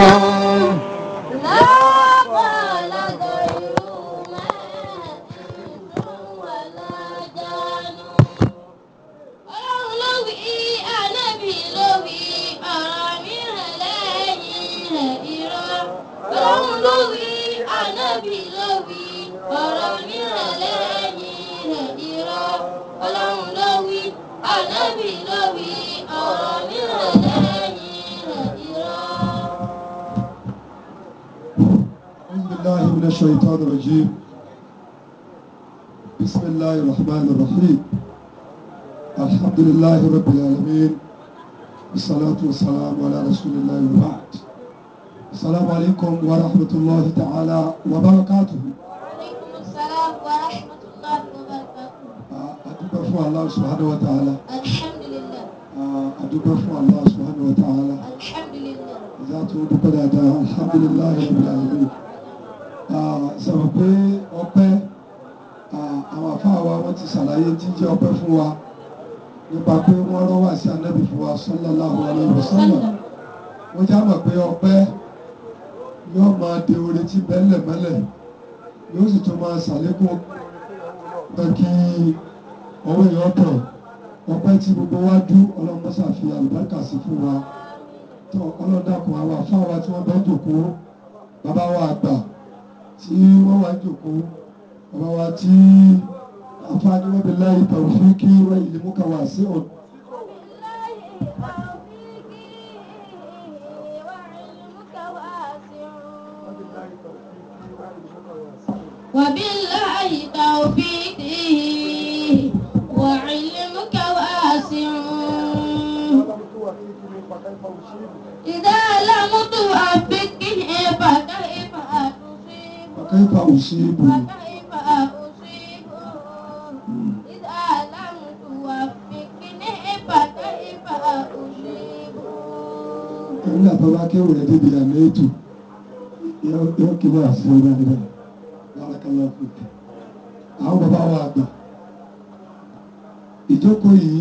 Oh. الرحمن الرحيم الحمد لله رب العالمين والصلاة والسلام على رسول الله وبعد السلام عليكم ورحمة الله تعالى وبركاته وعليكم السلام ورحمة الله وبركاته أدوبر فو الله سبحانه وتعالى الحمد لله أدوبر فو الله سبحانه وتعالى الحمد لله ذاته بقدر الحمد لله رب العالمين سبقين àwọn àfáà wa wọ́n ti ṣàlàyé jíjẹ́ ọpẹ́ fún wa nípa pé wọ́n rán wá sí anábì fún wa sallallahu alaihi wasallam wọ́n já mọ̀ pé ọpẹ́ yóò máa de orin tí bẹ́ẹ̀lẹ̀ mẹ́lẹ̀ yóò sì tún máa ṣàlékún pẹ́kí ọwọ́ èèyàn tàn ọpẹ́ tí gbogbo wa dú ọlọ́mọ́sà fi àlùbáríkà sí fún wa tó ọlọ́dàkùn àwọn àfáà wa tí wọ́n bá ń jòkó bàbá wa àgbà tí wọ́n wá ń jòkó bàbá wa tí afáàní wọn bí láyé tàwùfíìkì rẹ ìlímúkà wá sí ọ̀n. وبالله توفيقي وعلمك واسع إذا لم توفقه فكيف أصيب فكيف أصيب already they are made to. Yọ kí wọ́n àṣẹ ọ̀rọ̀ níbẹ̀. Bárakàlá fòkè. Àwọn bàbá wa àgbà. Ìjókòó yìí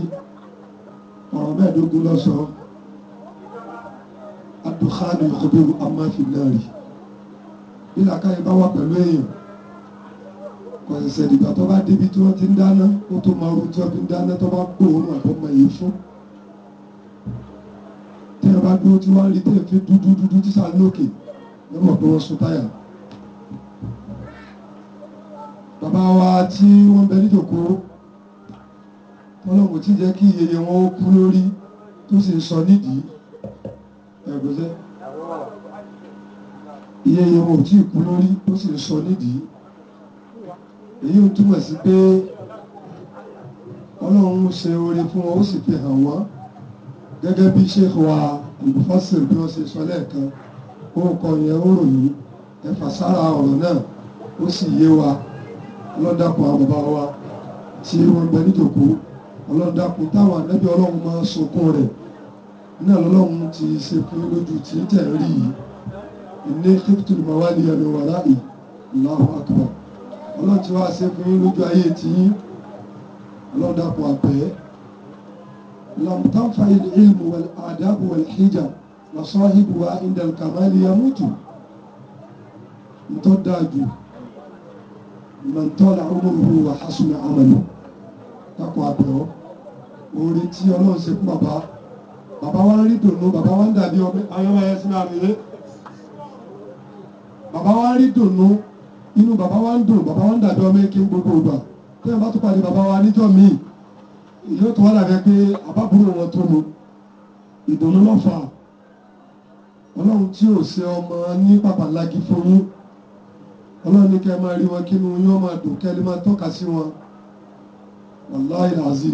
ọ̀rọ̀ mẹ́ẹ̀ẹ́dógún lọ́sọ̀ọ́. Adùnkánì ìkọ̀bẹ̀rù amáfinárì. Bí làkàyè bá wà pẹ̀lú èèyàn. Kò ṣẹ̀ṣẹ̀ dìgbà tó bá débi tí wọ́n ti ń dáná, ó tó máa ru tí wọ́n fi ń dáná tó bá gbòòrùn àbọ̀mọ̀ yìí fún téèyàn bá dúró tí wọ́n rí téèyàn fi dúdú dúdú tí sàn lókè ló mọ̀ pé wọ́n sun táyà. bàbá wa tí wọ́n bẹ níjòkó ọlọ́run ti jẹ́ kí iyeye wọn ó kú lórí tó sì ń sọ nídìí ẹ̀gbọ́sẹ́ iyeye wọn ò tí ì kú lórí tó sì ń sọ nídìí èyí ń túmọ̀ sí pé ọlọ́run ṣe oore fún wọn ó sì fi hàn wọ́n gẹ́gẹ́ bí Sheikh wa ìfọ́sìn bí wọ́n ṣe sọ lẹ́ẹ̀kan orúkọ yẹn ó ròyìn ẹ̀fà sára ọ̀rọ̀ náà ó sì yé wa ọlọ́dàkùn àwọn bàbá wa tí wọ́n gbẹ nítòkú ọlọ́dàkùn táwọn ànábì ọlọ́run máa ń sunkún rẹ̀ ní ọlọ́run ti ṣe fún lójú tí ń tẹ̀ rí yìí ilé kíkútùlù máa wá ní ẹnu wà láàyè Allahu Akbar ọlọ́run ti wá ṣe fún lójú ayé tí ọlọ́dàkùn àbẹ́ لم تنفع العلم والآداب والحجاب وصاحبها عند الكمال يموت ntọ́dájú man tọ́lá ọmọlùmí wà hásùnà àmàlù takọ̀ àbẹ̀wọ́ orí tí ọlọ́run ṣe fún bàbá bàbá wa ń rí dùnú bàbá wa ń dàbí ọmọ ayọ́mọ ayẹ sínú àmìlẹ́ bàbá wa ń rí dùnú inú bàbá wa ń dùn bàbá wa ń dàbí ọmọ ẹkẹ gbogbo ìgbà tẹ́yìn bá tún pàdé bàbá wa níjọ́ míì yóò tó wà lábẹ́ pé àbábúrò wọn tó mu ìdùnnú lọ́fà ọlọ́run tí ò ṣe ọmọ ní pàpàlagi fún yín ọlọ́run ní kẹ́ ẹ máa rí wọn kínú yín ó máa dùn kẹ́ ẹ lè máa tọ́ka sí wọn wàláì làzì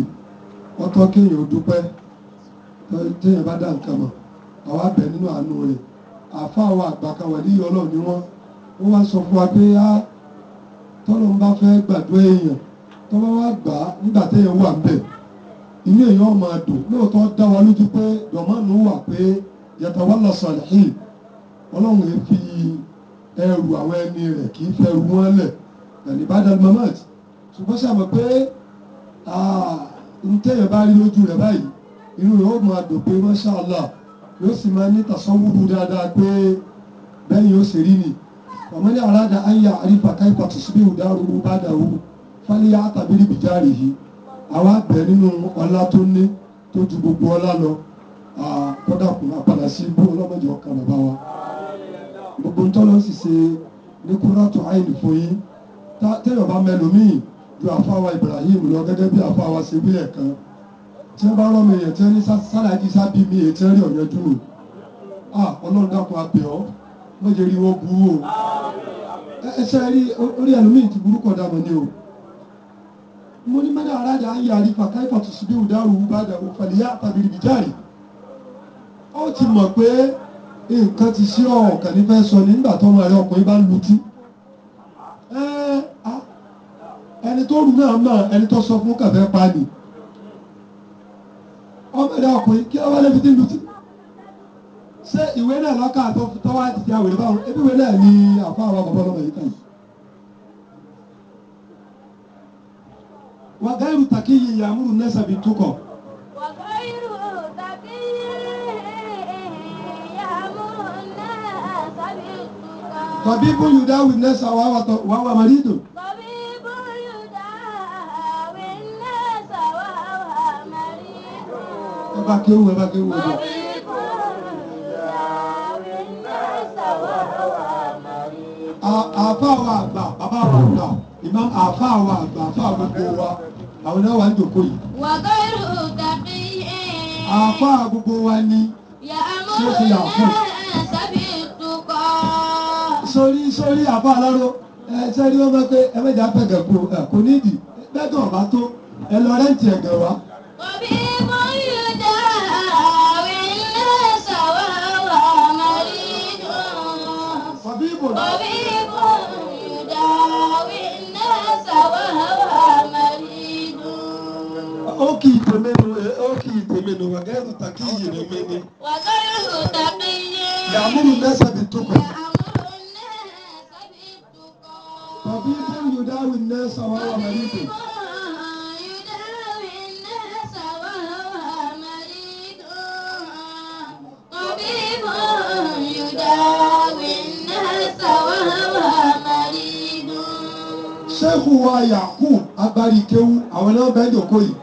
wọ́n tọ́ kéèyàn ó dúpẹ́ téèyàn bá dá nǹkan mọ̀ àwọn abẹ nínú àánú rẹ̀ àáfàá àwọn àgbà kan wà níyì ni wọ́n wọ́n wá sọ fún wa pé á tọ́lọ́run bá fẹ́ gbàdúrà èèyàn tọ́wọ́ wá gbà á nígbà téèyàn wà ń bẹ̀ inú èèyàn máa dùn lóòótọ́ dá wa lójú pé dọ̀mánù wà pé yàtọ̀ wà lọ́sàn-án ọlọ́run yìí fi ẹrù àwọn ẹni rẹ̀ kì í fẹ́ ru wọn lẹ̀ ẹ̀ní bá dàgbà mọ́t ṣùgbọ́n ṣàmọ̀ pé ntẹ́yẹ̀ bá rí lójú rẹ̀ báyìí inú rẹ̀ máa dùn pé Masha Allah yóò sì máa ní tàṣọ́wúrú dáadáa pé bẹ́ẹ̀ yóò ṣe rí ni ọmọ ní àràdà ayé àrífà káyípa tòṣìbí ìdáhùn bá dàrú fálíyà àtàbí ríbi járe yìí àwa bẹ̀ nínú ọlá tó ní tó ju gbogbo ọlá lọ kọ́dà kùn àpàdà sí ibú ọlọ́mọdé ọkàn bàbá wa gbogbo ntọ́lọ́ sì ṣe ní kúrọ́tù àìní fún yín téèyàn bá mẹlòmíì ju àfáwa Ibrahim lọ gẹ́gẹ́ bí àfáwa ṣe wí ẹ̀ kan tí wọ́n bá rọ́ mi èèyàn tí wọ́n ní sálàjì sábì mi èyí tí wọ́n rí ọ̀yẹ́ dúró à ọlọ́run dákun abẹ́ ọ́ méje rí wọ́n burú o ẹ ṣe rí orí ẹlòmíì ti burú kọ̀dà mọ́ ni o mo ní mẹ́ta aráàjà ń yàrí pàkáìpà tó sì bí ìdáhùn bá dàrú fàlìyà tàbí ìbíjàre ó ti mọ̀ pé nǹkan ti sí ọ̀kàn ní fẹ́ sọ nígbà tó ọmọ rẹ ọkùnrin bá lutí ẹni tó na náà mọ̀ to tó sọ fún kàfẹ́ pa ni ọmọ rẹ ọkùnrin kí ọmọ rẹ fi ti lutí ṣé ìwé náà lọ́kà tó wá ti di àwòrán báwọn ebi ìwé náà ni àfọ àwọn bàbá ọlọ́mọ yìí kàn yìí. وغير تقي يأمر الناس بالتقى وغير تقي يأمر الناس بالتقى طبيب يداوي الناس وهو وهو مريض طبيب يداوي الناس وهو مريض أباكيو أباكيو طبيب يداوي الناس وهو مريض أفاوى أبا أفاوى أبا إمام أفاوى أبا أفاوى أبا àwọn náà wà ń jòkó yìí. wàgọ́ irú tàbí ẹ̀. àfa gbogbo wa ni. yàmúrú náà sábì tukọ̀. sórí sórí àfa aláró ẹ sẹ́ni wọ́n máa pé ẹ mẹ́jà pẹ̀gẹ̀ kó ẹ kò nídìí gbẹ́gàn ọ̀bá tó ẹ lọ rẹ́ǹtì ẹ̀gẹ̀ wa. òbí mo yóò dá àwẹ̀ ilé sàwọ́ ọmọ rí dùn. òbí mo yóò dá àwẹ̀ ilé sàwọ́. Oki itemenu oki itemenu wagaru takiyi remeni. Wagaru takiyi. Yamuru nasa bituko. Yamuru nasa bituko. Tabibun yudawi nasa wawa maridu. Yudawi nasa wawa maridu. Tabibun yudawi nasa wawa maridu. Sheikhu wa Yakub Abarikewu àwọn náà bẹ́ẹ̀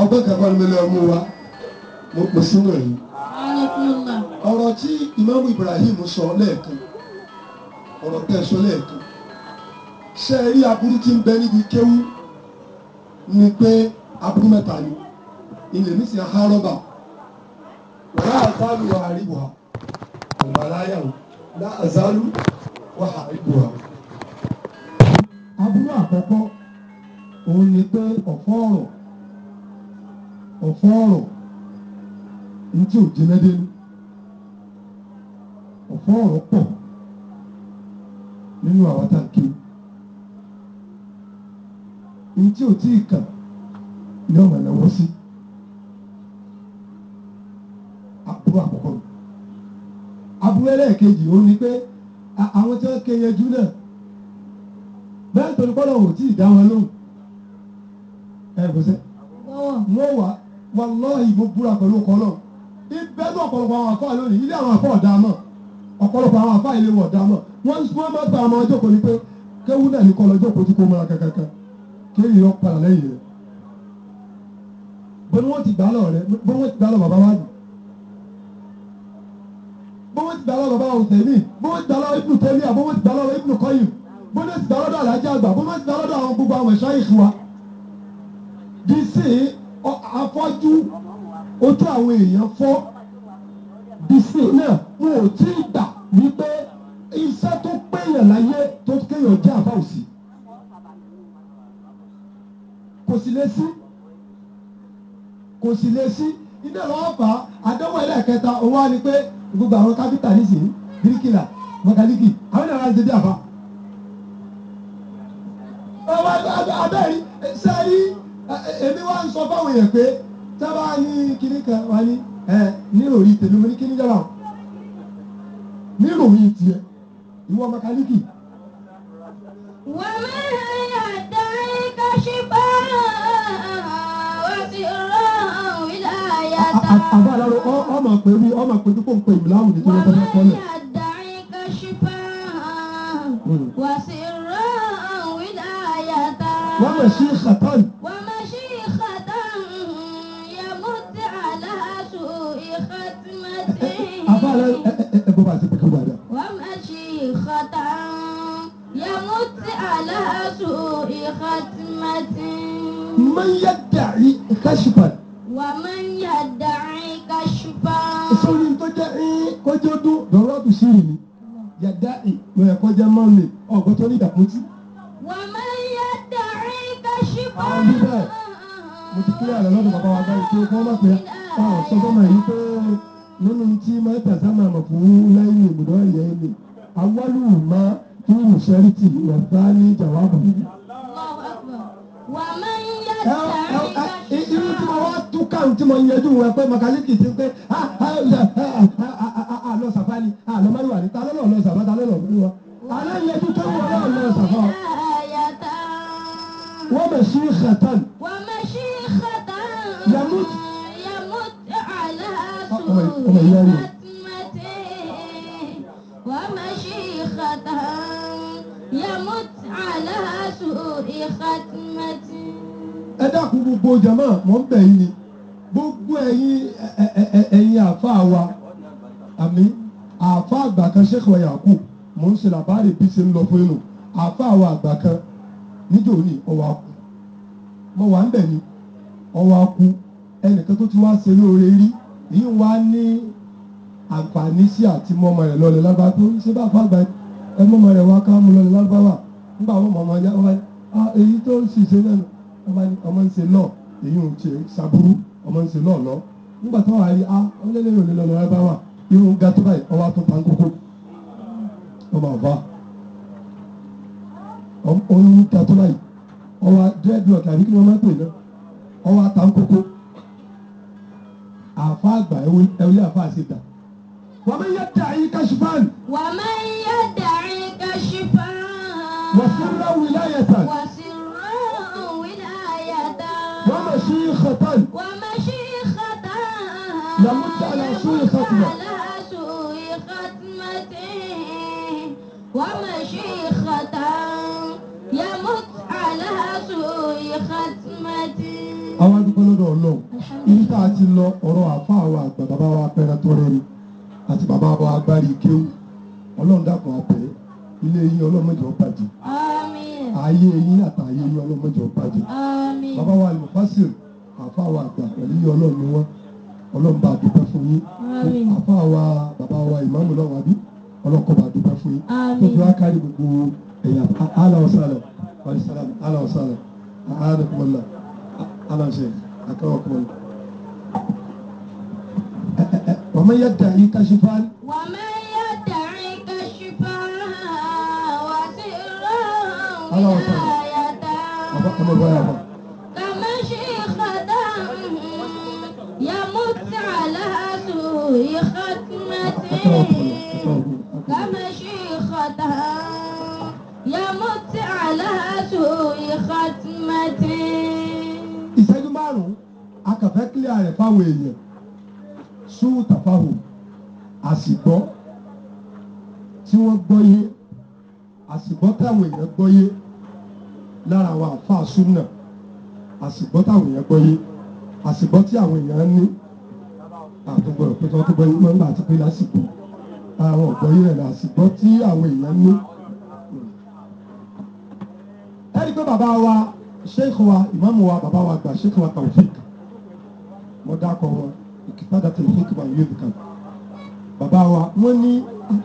ọgbẹ́ kankan ni wa mo pè nwere ẹ̀yìn. tí Ìmáàmù Ibrahim sọ lẹ́ẹ̀kan ọ̀rọ̀ tẹ sọ lẹ́ẹ̀kan ṣe rí aburú tí ń bẹ níbi kéwú ni pé aburú mẹ́ta ni ilé mi sì aburú àkọ́kọ́ òun ni pé ọ̀pọ̀ ọ̀fọ́ ọ̀rọ̀ ntí ò jiná dé ní ọ̀fọ́ ọ̀rọ̀ pọ̀ nínú àwọn táǹkì ntí ò tí ì kà ní ọ̀mọ̀ ẹ̀lẹ́wọ́ sí àbúrò àkọ́kọ́ mi àbúrò ẹlẹ́ẹ̀kejì ó ní pé àwọn tí wọ́n kéyanjú náà bẹ́ẹ̀ tó ní kọ́ lọ́wọ́ tí ì dá wọn lóhùn ẹ̀ bùsẹ̀ wọ́n wà wàláhì mo búra pẹ̀lú ọkọ náà ibẹ̀ ní ọ̀pọ̀lọpọ̀ àwọn àfáà lónìí ilé àwọn àfáà ọ̀dà mọ̀ ọ̀pọ̀lọpọ̀ àwọn àfáà ilé ọ̀dà mọ̀ wọ́n wọ́n máa gba àwọn ajókòó ni pé kéwú náà ní kọ́ lọ jókòó tí kò máa kankankan kéyìí yọ padà lẹ́yìn rẹ̀ bọ́n wọ́n ti gbà lọ rẹ̀ bọ́n wọ́n ti gbà lọ bàbá wa nù bọ́n wọ́n ti gbà lọ bàbá òsèlú bọ́n wọ́n ti gbà lọ ibnu tẹ́lẹ̀ bọ́n wọ́n ti gbà lọ ibnu kọ́yìn bọ́n wọ́n ti gbà lọ́dọ̀ àlájá àgbà bọ́n wọ́n ti gbà lọ́dọ̀ àwọn afọ́jú ojú àwọn èèyàn fọ́ bísí náà wọn ò tí ì gbà wípé iṣẹ́ tó péyàn láyé tó kéèyàn jẹ́ àbá òsì kò sì lè sí kò sì lè sí iná lọ́wọ́ fà á àdánwò ẹlẹ́ẹ̀kẹta owó á ní pé gbogbo àwọn kápítà nísìnyí bíríkìlà mọ̀kálíkì àwọn ènìyàn láti ṣe bí àbá. ọba abẹ́rẹ́ sẹ́yìn èmi wá ń sọ fáwọn èèyàn pé tábà ní kíní kan wá ní ẹ nírò yìí tèmi mo ní kíní yàrá o nírò yìí tiẹ̀ ìwọ mẹkáníìkì. wàhálà àdáyé káṣípà òsì ọlọ́run ilé àyàtà. àbá aláró ọmọ pẹ̀lú ọmọ pẹ̀lú kò ń pè ìlú láwùjọ tó lọ́jọ́ náà kọ́lẹ̀. wàhálà àdáyé káṣípà òsì ọlọ́run ilé àyàtà. wọ́n mọ̀ sí ṣàtọ́nì. Voilà, وامشي خطا يمت على سوء ختمة من يدعي كشفا ومن يدعي كشفا sórí tó jẹ́ ẹ́ kọjá ọdún lọ́rọ́ tó ṣe yìí yàdá ìpè kọjá máa mi ọ̀gbọ́n tó ní ìdàkúnjú. ومن يدعي كشفا. àwọn bíbẹ̀ mo ti kílẹ̀ àlọ́ lọ́dọ̀ bàbá wa gbáyé pé kọ́ máa pẹ́ ọ̀ sọ fún mi yìí pé nínú tí máa tàzámà màkúrú lẹ́yìn ìbùdó ìyẹ́ ni awálù má kí ti sẹ́rìtì wàtá ní jàwábù. irú tí mo wá tú káàrún tí mo yẹjú rẹ pé makaliki ti pé àlọ́ ah, ah, ah, sàfá ni àlọ́ mẹ́rìnwá ni ta ló lọ́ọ́ lọ sàfá ta ló lọ́ọ́ fi wá. aláyẹjú tó wọ́n lọ́ọ́ lọ sàfá. wọ́n bẹ̀ sí ìkàtàn. gbogbo jama mò ń bẹ̀ yín ni gbogbo ẹ̀yin ẹ̀yin àfa wa àmì àfa àgbà kan Sheikh wa Yakub mò ń ṣe làbáàrè bí ṣe ń lọ fún inú àfa wa àgbà kan níjòní ọwọ́ akú mo wà ń bẹ̀ ni ọwọ́ akú ẹnìkan tó ti wá ṣe lóore rí yìí wá ní àǹfààní sí àti mọ ọmọ rẹ̀ lọlẹ lábá tó ṣe bá fàgbà ẹ mọ ọmọ rẹ̀ wá ká mú lọlẹ lábá wà nígbà wọn mọ ọmọ ya wọn bá yẹ ah èyí tó sì ṣe náà ọmọ ń ṣe lọ èyí ń ṣe ṣàbúrú ọmọ ń ṣe ah, lọ lọ nígbà tó wà á rí a ọlẹ́lẹ́rìn òní lọ́nà ẹ bá wà irun ga tó báyìí ọwọ́ àtún pankoko ọmọ àbá oyún ga tó báyìí ọwọ́ dẹ́ẹ̀dùn ọ̀gá àbí kí wọ́n máa pè náà ọwọ́ àtàkókó àfa àgbà ẹ̀wọ̀lẹ́ àfa àṣetà. wàá mẹ́yẹ dàrí kashifan. wàá mẹ́yẹ dàrí kashifan. wàá fúnra wìláyà tán. wàá ومشيخة ومشيخة يمت على سوء ختمة على سوء ختمته ومشيخة يمت على سوء ختمته àwọn adúgbò lọ́dọ̀ ọlọ́run ibi tá a ti lọ ọ̀rọ̀ àfa àwọn àgbà bàbá wa pẹ́rẹ́ tó rẹ́ni àti bàbá wa agbárí kéwù ọlọ́run dàpọ̀ àbẹ́ ilé yín ọlọ́mọdé ọ̀bàjẹ́ ààyè yín àtàyè yín ọlọ́mọdé ọ̀bàjẹ́ bàbá wa Almufasir àfa wa àgbà pẹ̀lú iye ọlọ́run ni wọ́n ọlọ́run bá dúpẹ́ fún yín àfa wa bàbá wa ìmáàmù náà wà bí ọlọ́kọ̀ bá dúpẹ́ fún yín tó fi wá kárí gbogbo ẹ̀yà aláwọ̀sálẹ̀ aláwọ̀sálẹ̀ aláwọ̀sálẹ̀ aláwọ̀sálẹ̀ akáwọ̀kọ̀ọ̀lẹ̀. ومن يدعي كشفان ومن يدعي كشفان وسرا وآية على سوء ختمته ìṣẹ́jú márùn-ún a kàn fẹ́ kílíà rẹ̀ fáwọn èèyàn sùn tàfàhù àsìgbọ́ tí wọ́n gbọ́ yé àsìgbọ́ táwọn èèyàn gbọ́ yé lára àwọn àfáà súnà àsìgbọ́ táwọn èèyàn gbọ́ yé àsìgbọ́ tí àwọn èèyàn ní àtúgbò ìpínlẹ̀ tó gbọ́ yé wọ́n gbà àti pé lásìgbọ́ àwọn ọ̀gbọ́ rẹ̀ àsìgbọ́ tí àwọn èèyàn ní pé bàbá wa sheikh wa ìmáàmù wa bàbá wa gba sheikh wa taofik mo dákọ̀ wọn ìkìtàdà taofik wa yóò bìkan bàbá wa wọ́n ní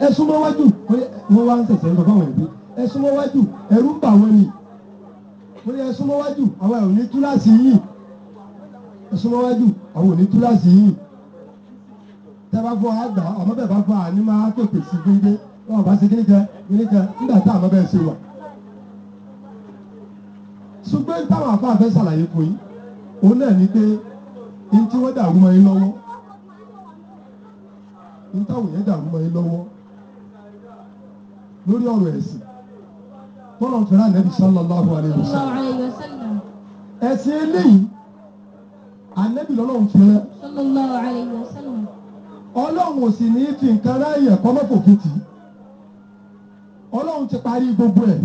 ẹ súnmọ́ wájú wọ́n wá ń sẹ̀sẹ̀ lọ fáwọn ẹ̀bí ẹ súnmọ́ wájú ẹ̀rú ń bà wọ́n ni wọ́n ní ẹ súnmọ́ wájú àwọn ẹ̀ ò ní túláàsì yìí ẹ súnmọ́ wájú àwọn ò ní túláàsì yìí tẹ́ bá fọ́ àgbà àmọ́ bẹ́ẹ̀ bá fọ́ àní máa pèpè sí gbéńgbé wọn ò bá ṣe kíníkẹ́ kíníkẹ́ nígbà tá àmọ́ bẹ́ẹ̀ ṣe wà ṣùgbọ́n táwọn àbá fẹ́ ṣàlàyé fún yín òun náà ni pé n tí wọ́n dàrú mọ́ yín lọ́wọ́ n táwọn yẹn dàrú mọ́ yín lọ́wọ́ lórí ọ̀rọ̀ ẹ̀sìn tọ́lọ̀ ń fẹ́ràn Ànábì sallallahu alaihi wasallam ẹ̀sìn eléyìí Ànábì lọ́lọ́run fẹ́ràn sallallahu alaihi wasallam ọlọ́run ò sì ní fi nǹkan ráyè ẹ̀kọ́ mọ́fòkìtì ọlọ́run ti parí gbogbo ẹ̀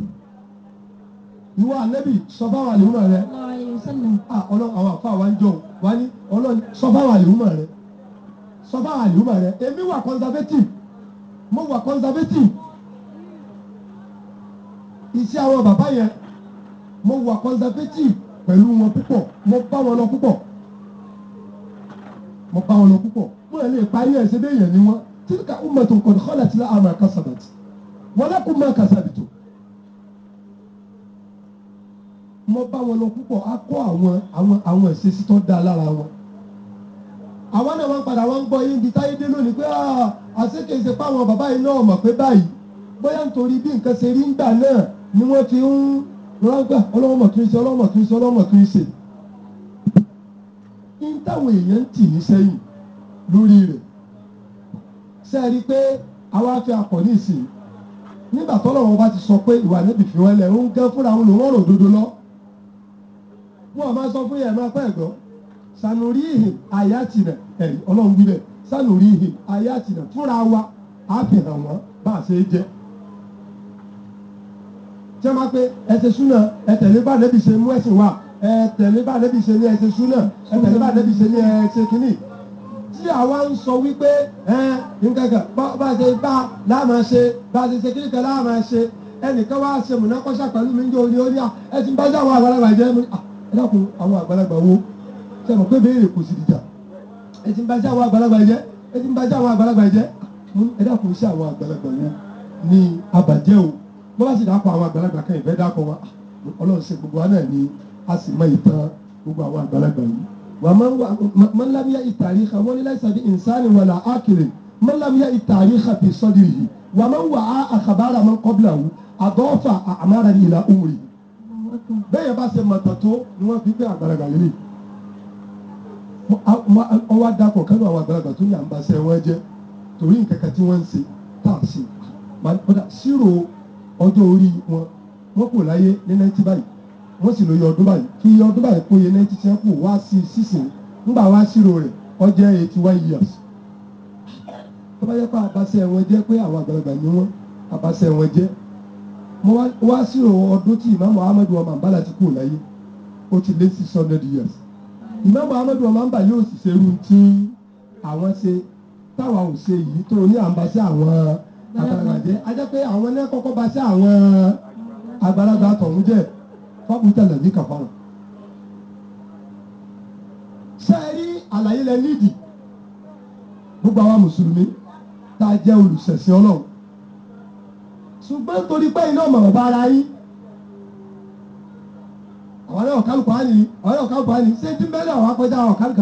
ìwọ àlẹ́bì sọfáwà lèwúmọ̀ rẹ ah, ọlọ́run àwọn àfa wa ń jọ wá ní ọlọ́run sọfáwà lèwúmọ̀ rẹ sọfáwà lèwúmọ̀ rẹ èmi wà conservative mo wà conservative iṣẹ́ àwọn bàbá yẹn mo wà conservative pẹ̀lú wọn púpọ̀ mo bá wọn lọ púpọ̀ mo bá wọn lọ púpọ̀ mo lè parí ẹ̀ ṣe bẹ́ẹ̀ yẹn ni wọ́n tí ká umatun qad khalat laha ma kasabat wa lakum ma kasabtum. mọ́ bá wọn lọ púpọ̀ á kọ́ àwọn àwọn àwọn ìṣesí tó dáa lára wọn àwọn náà wọn padà wọn ń gbọ́ yín di táyé dé lónìí pé ah, àṣekè ṣe pa àwọn bàbá yìí náà mọ̀ pé báyìí bóyá nítorí bí nǹkan ṣe rí ńgbà náà ni wọ́n ti ń rọ́gbà ọlọ́mọ tó ń ṣe ọlọ́mọ tó ń ṣe ọlọ́mọ tó ń ṣe ń táwọn èèyàn ń tì ní sẹ́yìn lórí rẹ̀ ṣe rí i pé àwa fi akọ̀ ní ìsìn nígbà tọ́lọ́wọ́n bá ti sọ pé ìwà níbi fi wọ́n lẹ̀ ń gán fúnra wọn lòún ọ̀rọ̀ òdodo lọ́ọ́ wọn máa sọ fún yẹn máa pẹ́ ẹ̀gbọ́n sanuri ihìn aya tìrẹ ẹ̀rí ọlọ́run gbígbẹ sanuri ihìn àyà tìrẹ fúnra wa á fi hàn wọ́n bá a ṣe jẹ́ tí a máa pe ẹsẹ̀ súnà ẹtẹ̀lé bá lẹ́bi ṣe mú ẹ̀sìn wa ẹtẹ̀lé bá lẹ́bi ṣe ní ẹsẹ̀ súnà ẹtẹ̀lé bá lẹ́bi ṣe ní ẹsẹ̀ kìíní tí àwa ń sọ wípé nǹkankan bá ṣe bá láàmà ṣe bá ṣe ṣe kíríkà láàmà ṣe ẹnìkan wá ṣe múnákọ́ṣà pẹ̀lú mi ń jẹ́ orí orí à ẹ̀sìn bá ṣe àwọn àgbàlagbà jẹ́ à dákun àwọn àgbàlagbà wo ṣe mọ̀ pé béèrè kò sì dìjà ẹ ti ń bá sí àwọn àgbàlagbà jẹ́ ẹ ti ń bá sí àwọn àgbàlagbà jẹ́ ẹ dákun sí àwọn àgbàlagbà wo ní abàjẹ́ o bó bá sì dákun àwọn àgbàlagbà kan ìfẹ́ dákun wa ọlọ́run ṣe gbogbo wa náà ni a sì mọ ìtàn gbogbo àwọn àgbàlagbà yìí wà man lam ya ìtàríkà wọ́n ní laysa bi insani wala akiri man lam ya ìtàríkà fi sadrihi wà man wà á àkàbára man qablahu àgọ́fà àmàrà ìlà umri bẹ́ẹ̀ yẹn bá ṣe mọ̀tà tó ni wọ́n fi gbé àgbàlagbà lélẹ̀ ọwọ́ adakọ̀ kánú àwọn àgbàlagbà tó yà ń ba ṣẹ́ wọn jẹ́ torí nǹkan tí wọ́n ń ṣe tá a ṣe padà sírò ọjọ́ orí wọn wọ́n kò láyé ní náìtì báyìí wọ́n sì lóye ọdún báyìí kí ọdún báyìí kó iye náìtì sẹ́kù wá sí ńgbà wá sírò eighty one years tó bá wọn pé àwọn àgbàlagbà ni wọn mo wá sí ọdún tí ìmáàmù ahmed ọmọ àǹbálà ti kúrò láyé ó ti lé six hundred years ìmáàmù ahmed ọmọ àǹbà yóò sì ṣe irú tí àwọn ṣe táwa ò ṣe yìí tó ní à ń bá sí àwọn àgbàlagbàjẹ ajá pé àwọn náà kọ́kọ́ bá sí àwọn àgbàlagbà tọ̀hún jẹ́ fọ́pútà lẹ́bí kàfọ́rọ̀ ṣé ẹ rí àlàyé lẹ nídìí gbogbo àwa mùsùlùmí tá a jẹ́ olùṣẹ̀sìn ọlọ́run ṣùgbọ́n torí pé iná mọ̀ ọ̀bá ara yín ọ̀rẹ́ ọ̀kálùkù á nìyí ọ̀rẹ́ ọ̀kálùkù á nìyí ṣé tí mẹ́rin àwọn ọ̀kálùkù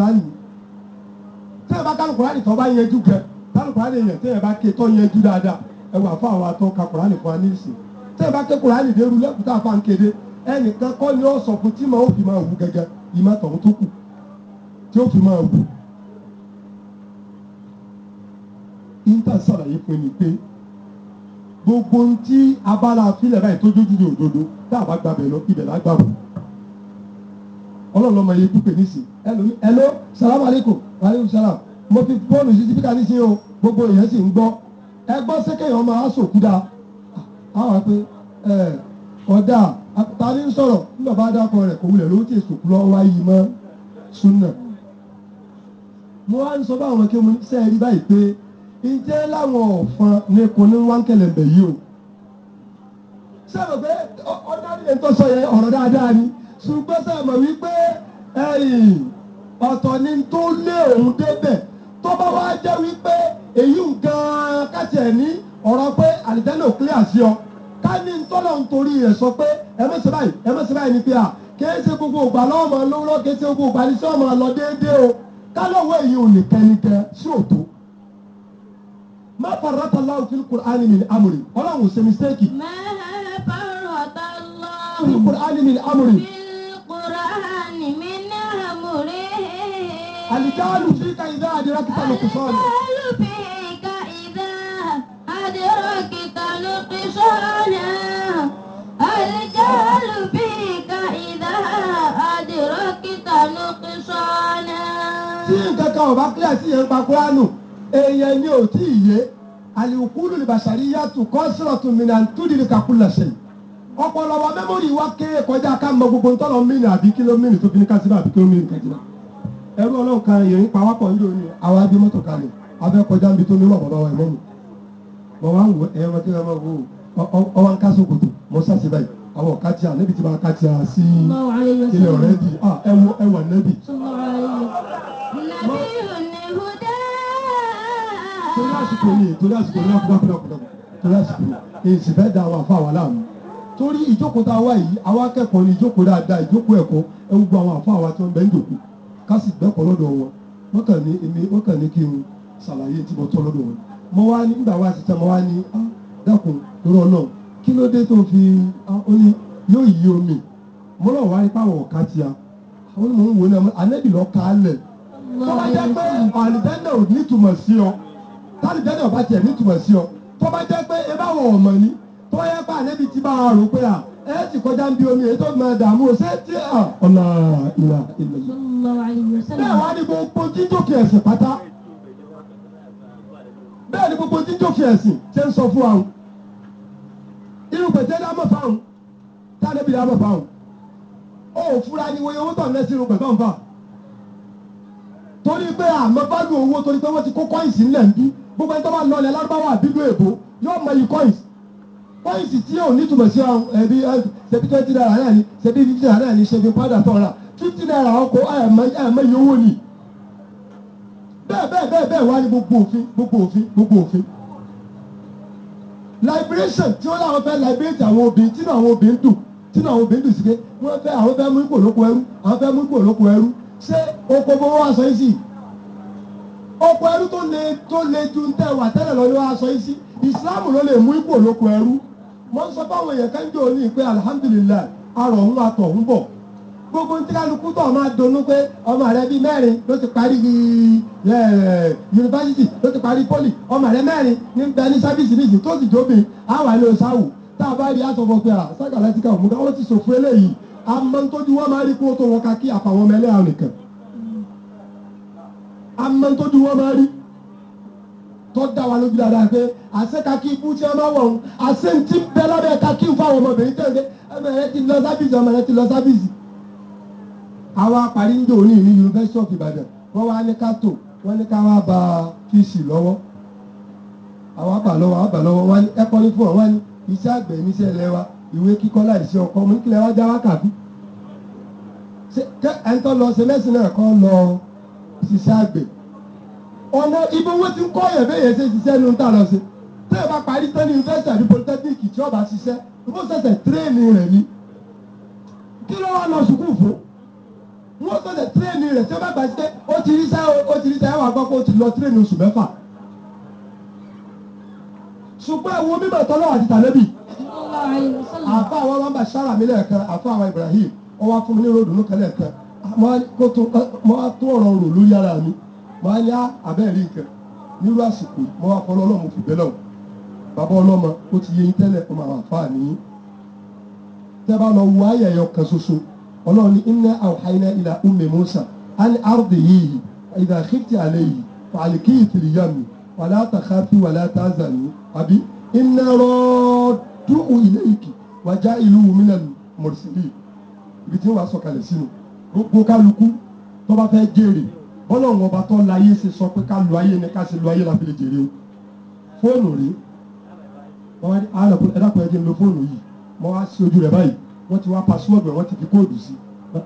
á nìyí ẹ bá kálùkù á nìyí tó bá yẹjú kálùkù á dáadáa ẹ fún àwọn atọ́ fún wa ní ìsìn ẹ bá ké kọ́ ni ó sọ fún tí màá fi máa wù gẹ́gẹ́ ìmọ̀ tọ̀hún tó kù tí ó fi máa wù. gbogbo ń tí abala àfilẹ̀ báyìí tó dójú ní òdodo tá a bá gbàbẹ̀ lọ ibẹ̀ lá gbàbọ̀ ọlọ́run ọmọ yẹn dúpẹ́ nísì ẹlòmí ẹlò salamu aleykum aleykum salam mo fi fóònù sí sípíkà nísìnyí o gbogbo èèyàn sì ń gbọ́ ẹ gbọ́ sẹ́kẹ̀yìn ọmọ asòkúda àwọn pé ẹ ọ̀dà ta ni ń sọ̀rọ̀ nígbà bá dákọ̀ rẹ̀ kò wulẹ̀ ló ti sòkú lọ wá yìí mọ́ súnà mo wá ń sọ báwọn kí mo sẹ́ẹ̀rí báyìí pé ǹjẹ́ láwọn ọ̀fọn ní kun ní wọ́n kẹlẹ̀bẹ̀ yìí o. sábà pé ọ̀dájú yẹn tó sọ yẹn ọ̀rọ̀ dáadáa ni ṣùgbọ́n sábà wípé ọ̀tọ̀ ni tó lé òun débẹ̀ tó bá wá jẹ́ wípé èyí gan-an káṣí ẹ̀ ní ọ̀rọ̀ pé àlìjáná clear sí ọ ká ní tọ́lọ̀ ń torí rẹ̀ sọ pé ẹ mọ̀ sí báyìí ẹ mọ̀ sí báyìí ni pé à kìí ṣe gbogbo ìgbà lọ́wọ́ máa lówó lọ́wọ́ kìí ṣe gbogbo ìgbà ní sọ́ọ̀ máa lọ déédéé o ká lọ́wọ́ èyí ò ní tẹnitẹ sí òtó má fara ta láwù kí kùránì mi amòrè ọlọ́run ṣe mistake. má fara ta láwù kí kùránì mi amòrè. kí kùránì mi ní amòrè. àlìkáàlù fi ka ìdá àdìrà kíkà lókè sọ́ọ̀nù. àlìkáàlù fi ka ìdá àdìrà kíkà lókè sọ́ọ̀nù. àlìkáàlù fi ka ìdá àdìrà kíkà lókè sọ́ọ̀nù. tí nǹkan kan ò bá kílẹ̀ sí yẹn pa ni ò tí ì àlìkúlù ìbàṣàrí yàtù kọ́sìrọ̀tù mìíràn túdìrí kakúlà ṣe wa mẹmórì wa ké gbogbo ntọ́lọ mìíràn àbí kíló mìíràn tó fi ní kásìbà àbí kíló mìíràn kẹjìlá ẹrú ọlọ́run kan yẹ̀yìn pa wákọ̀ ń lórí àwọn abí mọ́tò kalẹ̀ abẹ́ kọjá níbi tó mímọ̀ bọ̀lọ́wọ́ ẹ̀mọ́ mi mọ wá ń wọ ẹ̀yẹ wọn kí wọn máa wo ọwọ́ ń kásó kòtò mọ sásì báyìí àwọn ọ̀kájà níbi tí wọn kájà sí ilẹ̀ ọ̀rẹ́dì ẹ̀wọ̀ ẹ̀wọ̀ nẹ́bì torí àsìkò yìí torí àsìkò yìí lọ́kùnrin torí àsìkò yìí èsì bẹ́ẹ̀ da àwọn àfa wà láàmú torí ìjókòó tá a wá yìí àwọn akẹ́kọ̀ọ́ ni ìjókòó dáadáa ìjókòó ẹ̀kọ́ ẹ gbogbo àwọn àfa wa tí wọ́n bẹ́ẹ̀ ń jòkó ká sì gbẹ́kọ̀ lọ́dọ̀ wọn wọ́n kàn ní èmi wọ́n kàn ní kí n ṣàlàyé tí mo tọ́ lọ́dọ̀ wọn mo wá ní nígbà wá síta mo wá ní dákun lọ́rọ̀ náà kí ló dé tó fi ó ní yóò yí omi mo lọ wá ipá wọ̀ ká ti ó ní mo ń wo ní ọmọ anẹ́bì lọ́ọ́ kálẹ̀ tó bá jẹ́ pé àlìjẹ́ ò ní túmọ̀ sí ọ táàlì jẹ́ náà bá tiẹ̀ nítumọ̀ sí ọ tó bá jẹ́ pé ebá wọ̀ ọ̀mọ̀ ni tó yẹ pé àlébi ti bá a rò pé à ẹ ti kọjá ń bi omi èyí tó máa dààmú o ṣé tí à ọ̀nà ìlà ìlà bẹ́ẹ̀ wá ní gbogbo jíjókè ẹ̀sìn pátá bẹ́ẹ̀ ni gbogbo jíjókè ẹ̀sìn ṣe ń sọ fún wa irú pẹ̀tẹ́ dá mọ̀ fáwọn táàlẹ́bí dá mọ̀ fáwọn ó fúra ni wọ́n yẹ owó tọ̀ lẹ́sìn irun pẹ̀tọ́ torí pé àmọ́ bá lu owó torí pé wọ́n ti kó kọ́ìnsì ńlẹ̀ ń gbogbo ẹni tó bá lọ ilẹ̀ lárúbáwá àbílú èbó yóò mọ iyì coins coins tí yóò nítumọ̀ sí ẹbí ṣebí twenty naira náà ni ṣebí fifty naira náà ni ṣebí padà tọ̀ra fifty naira ọkọ̀ àìmọ iye owó ni bẹ́ẹ̀ bẹ́ẹ̀ bẹ́ẹ̀ bẹ́ẹ̀ wá ní gbogbo òfin gbogbo òfin gbogbo òfin liberation tí ó láwọn fẹ́ liberate àwọn obìnrin tínú àwọn obìnrin dùn tínú àwọn obìnrin dùn sí pé wọ́n fẹ́ àwọn fẹ́ mú ipò lóko ẹrú àwọn fẹ́ mú ipò lóko ẹrú ṣé okòbó wa sọ yìí sí i oko ẹrú tó le tó le ju ń wà tẹ́lẹ̀ lọ́lọ́ aṣọ yìí sí ìsìláàmù ló lè mú ipò lóko ẹrú mo ń sọ fáwọn èèyàn kan jẹ́ òní pé alihamudulilayi ń gbogbo ní kálukú tó pé ọmọ rẹ bíi mẹrin ló ti parí yunifásitì ló poli ọmọ rẹ ní sábìsì nìyí tó àwọn tá a bá rí aṣọ fọ pé òmùgá wọn ti sòfin eléyìí wọn máa rí kó tó wọn amẹ́ tó di wọ́n máa rí tó dá wa lójú dáadáa pé àṣẹ kakí ikú tí wọ́n máa wọ̀ ọ́n àṣẹ ń ti bẹ́ lábẹ́ kakí fún àwọn ọmọbìnrin tẹ̀lé ẹ̀mẹ̀ rẹ ti lọ sábìsì ọmọ rẹ ti lọ sábìsì. àwa parí ń dò ní ní University of Ibadan wọ́n wá ní ká tò wọ́n ní ká wá ba fíìsì lọ́wọ́ àwọn àbà lọ́wọ́ àbà lọ́wọ́ wọ́n ní ẹ̀kọ́ ní fún ọ wọ́n ní iṣẹ́ àgbẹ̀ níṣẹ́ lẹ́wà ìwé kíkọ́ láìsí ọkọ mú kílẹ̀ wá já wákàtí ẹ̀ńtọ́ lọ sẹ́mẹ́sì náà kọ́ lọ́ọ́ ṣiṣẹ́ àgbẹ̀ ọ̀nà ibi owó ti ń kọ́ ọ̀yàn bẹ́ẹ̀ yẹn ṣe ṣiṣẹ́ ní ta lọ sí tẹ́ ẹ bá parí tán ní yunifásitì àti polytechnic tí ọba ṣiṣẹ́ ìbò ṣẹ̀ṣẹ̀ tírèènì rẹ̀ ni kí ló wà lọ sùkúù fún wọ́n ṣẹ̀ṣẹ̀ tírèènì rẹ̀ tí ó bá gbà ṣe ó ti ríṣẹ́ ó ti ríṣẹ́ ẹ̀wà gbọ́ pé ó ti lọ tírèènì oṣù mẹ́fà ṣùgbọ́n ẹ̀wọ̀n mímọ̀ tọ́lọ́ àti tàlẹ́bì àfa àwọn ọmọ bàṣára lẹ́ẹ̀kan àfa àwọn Ibrahim ọwọ́ fún ròdùnú kan mọ́ á tó ọ̀rọ̀ rò lórí ara mi mọ́ á yá abẹ́rẹ́ nǹkan nírú àsìkò mọ́ á fọlọ́ ọlọ́mọ fi bẹ́lẹ̀ o bàbá ọlọ́mọ ó ti yé yín tẹ́lẹ̀ ọmọ àwọn àfáà ní tẹ́ bá lọ wo ayẹyẹ kan ṣoṣo ọlọ́run ní inna awhayna ila ummi Musa an ardihi idha khifti alayhi fa'alqihi fil yammi wala takhafi wala tahzani àbí inna radduhu ilayki wa ja'iluhu minal mursalin ibi tí wàá sọ̀kalẹ̀ sínú gbogbo kálukú tó bá fẹ́ jèrè bọ́lọ́run ọba tó láyé ṣe sọ pé ká lu ayé ni ká ṣe lu ayé la fi lè jèrè o fóònù rí wọ́n wá àárọ̀ pé ẹ̀dá pẹ̀lú ẹ̀jẹ̀ lo fóònù yìí wọ́n wá sí ojú rẹ̀ báyìí wọ́n ti wá pàṣíwọ̀dù rẹ̀ wọ́n ti fi kóòdù sí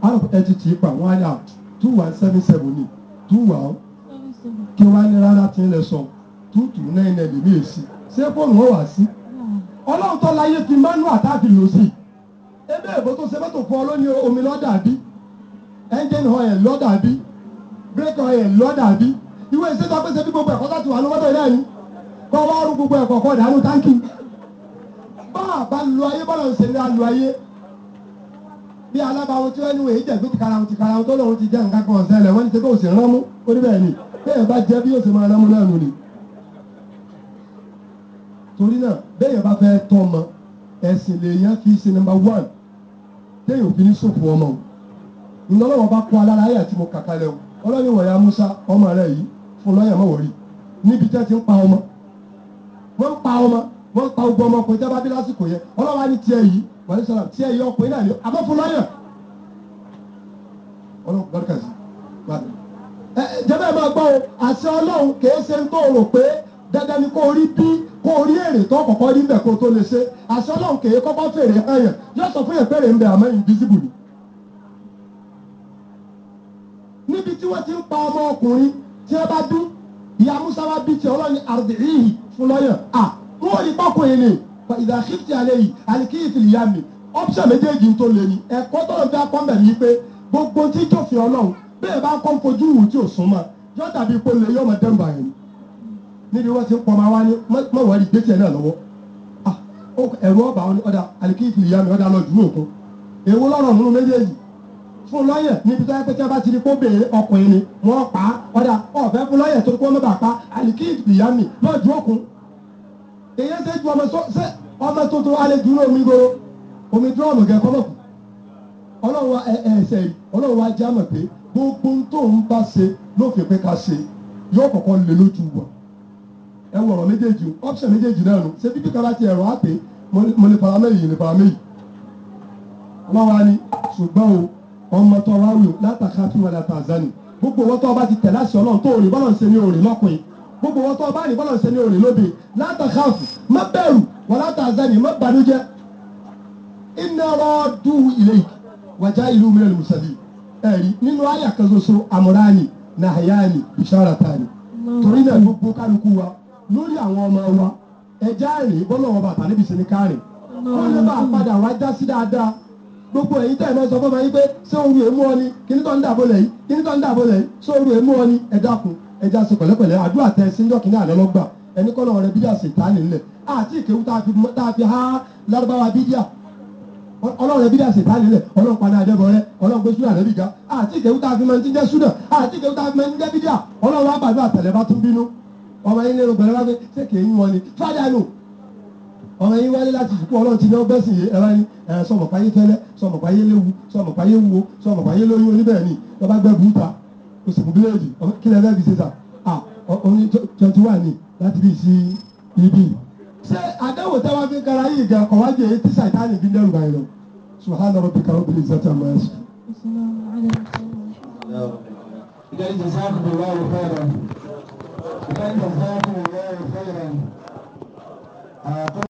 àárọ̀ ah, ẹ̀ ti tì í pa wọ́n á yà ah, two one seven seven ni two one kí wọ́n á ní rárá tí ń lẹ̀ sọ two two nine nine lèmi èsì ṣé fóònù wọn wà sí ọlọ́run tó láyé fi mánú àtàfi lò sí ebe èbó tó ṣe mọ́tò fún ọ lónìí engine oil lọ́dà bí brake oil lọ́dà bí ìwé ìṣèjọba pèsè bí gbogbo ẹ̀kọ́ láti wà lọ́wọ́dọ̀ ilé ẹ̀yìn kọ́ gbogbo ẹ̀kọ́ kọ́ dànù táǹkì bá a bá lu ayé bọ́lá ń ṣẹlẹ̀ alu ayé bí alábàáwo tí wọ́n ní e, wòye jẹ̀bi tìkara wọn tìkara wọn tó lọ́wọ́ ti jẹ́ nǹkan kan wọ́n ni bẹ́ẹ̀ bá jẹ́ bí yóò ṣe máa rán náà nù ni torí náà bẹ́ẹ̀yàn bá fẹ́ tọ́ ọmọ ẹ̀sìn lèèyàn fi ṣe ńlọ́lọ́wọ́ bá kó alára ayé àti mo kàkà lẹ́wọ̀ ọlọ́ni wọ̀nyá Musa ọmọ rẹ̀ yìí fún lọ́yà mọ̀ wọ̀rí níbi tẹ́ ti ń pa ọmọ wọ́n ń pa ọmọ wọ́n ń pa ogun ọmọ ọkùnrin jábá dé lásìkò yẹn ọlọ́wà ní tiẹ̀ yìí wàlẹ́ sọ̀rọ̀ tiẹ̀ yìí ọkùnrin náà ni àmọ́ fún lọ́yà ọlọ́wọ́ gbọ́dọ̀ kàzí gbàdúrà jẹ́bẹ́ máa gbọ́ o àṣẹ ọlọ́run kìí ṣe ń tó rò pé dandan ni kó rí bí kó rí èrè tó kọ́kọ́ rí bẹ̀ kó tó lè ṣe àṣẹ ọlọ́run kìí kọ́kọ́ fèrè hàn yẹn yóò sọ fún yẹn pé èrè ń bẹ àmọ́ invisible ni. níbi tí wọ́n ti ń pa ọmọ ọkùnrin tí wọ́n bá dún ìyá musa wa bí tiẹ̀ ọlọ́ni àrùdìríhì fún lọ́yọ̀ à wọ́n ò ní pọ́kùnrin ni ìdá ṣífìtì alẹ́ yìí àlìkíyìtì lìyá mi ọ́pṣà méjèèjì tó lè ní ẹ̀kọ́ tó lọ fi akọ́mbẹ̀ ní pé gbogbo tí jòfin ọlọ́run bẹ́ẹ̀ bá kọ́ fojú wù tí ò sún mọ́ yọ tàbí ipò lè yọ ọmọ dẹ́rùbà yẹn ni níbi wọ́n ti ń pọnmọ́ wá ní mọ̀wọ́rì gbé tiẹ̀ náà lọ́wọ́ ẹ̀rù ọba ọ̀dà àlìkíyìtì lìyá mi ọ̀dà lọ́ọ́ dùn òkun èwo fún lọ́yẹ̀ níbi tó yẹ pé tí wọ́n bá ti di kó bèèrè ọkùnrin ni wọ́n pa á ọ̀dà ọ̀fẹ́ fún lọ́yẹ̀ torí kó wọ́n bá pa àlìkí ìyámi náà ju òkun. èyí ṣe ju ọmọ tuntun alẹ́ dúró omi gbòòrò omi dúró ọmọ gẹ̀ kọ́mọ̀ ọlọ́run wa ẹ ẹ ṣe ọlọ́run wa jẹ́ àmọ̀ pé gbogbo tó ń bá ṣe lófin pé ká ṣe yóò kọ̀kọ́ lè lójú wa. ẹ wọ ọ̀rọ̀ méjèèjì option méjèèjì náà nù ṣé bíbí ọmọ tó wá wù látàkà fún la Tanzania. gbogbo owó tó bá ti tẹ̀ láṣẹ ọlọ́run tó òrìn bọ́lọ̀ ń ṣe ní òrìn lọ́kùnrin gbogbo owó tó bá rìn bọ́lọ̀ ń ṣe ní òrìn lóbi látàkà fún má bẹ̀rù wàlá tàzánì má bànújẹ́ iná rọ́ọ̀dù ilé wàjá ìlú mìíràn mùsàlì ẹ̀rí nínú àyà kan ṣoṣo àmúránì nàhayáni bisharatani torí náà gbogbo kálukú wa lórí àwọn ọmọ wa ẹja rìn bọ́lọ̀ wọn bàtà níbi sinmi wọn lè bá padà wá sí dáadáa gbogbo èyí tẹ̀ mẹ́sọ fún ọmọ yín pé ṣé oru èmú ọ ni kíní tó ń dàbò lẹ́yìn kíní tó ń dàbò lẹ́yìn ṣé oru èmú ọ ni ẹ dákun ẹ já sí pẹ̀lẹ́pẹ̀lẹ́ àdúrà tẹ síjọ́ kíní àná lọ́gbà ẹni kọ́ lọ́wọ́ rẹ bídíà sì tá nílẹ̀ àti ìkéwù tá a fi há lárúbáwá bídíà ọlọ́run ẹbí dà sí ìta nílẹ̀ ọlọ́run padà àdẹ́bọ̀ rẹ ọlọ́run gbé súnà lẹ́bí ga àti ìkéwù tá a fi máa ń ti jẹ́ súnà àti ìkéwù tá a fi máa ń jẹ́ bídíà ọlọ́run wá gbàdúrà tẹ̀lé bá tún bínú ọmọ yín lérò pẹ̀lú wá pé ṣé kì í yún ọ ni fájà nù ọ̀rọ̀ yín wáyé láti ìkú ọlọ́run ti ní ọgbẹ́ sí ẹ̀rọ yín ẹ̀rọ sọ̀mọ̀ páyé tẹ́lẹ̀ sọ̀mọ̀ páyé léwu sọ̀mọ̀ páyé wo sọ̀mọ̀ páyé lóyún oníbẹ̀ ni lọ́ba gbẹ bùúta oṣù bíléèdì kí lẹ́fẹ́ fi ṣe sà à oní twenty one ni láti bí sí ibi. ṣé àdáwò táwa fi kara yìí gan kọ̀ wájú èyí tí sàìtánì fi dẹ́rù báyìí lọ subhana rabbika rabbil izzati amma yasifun.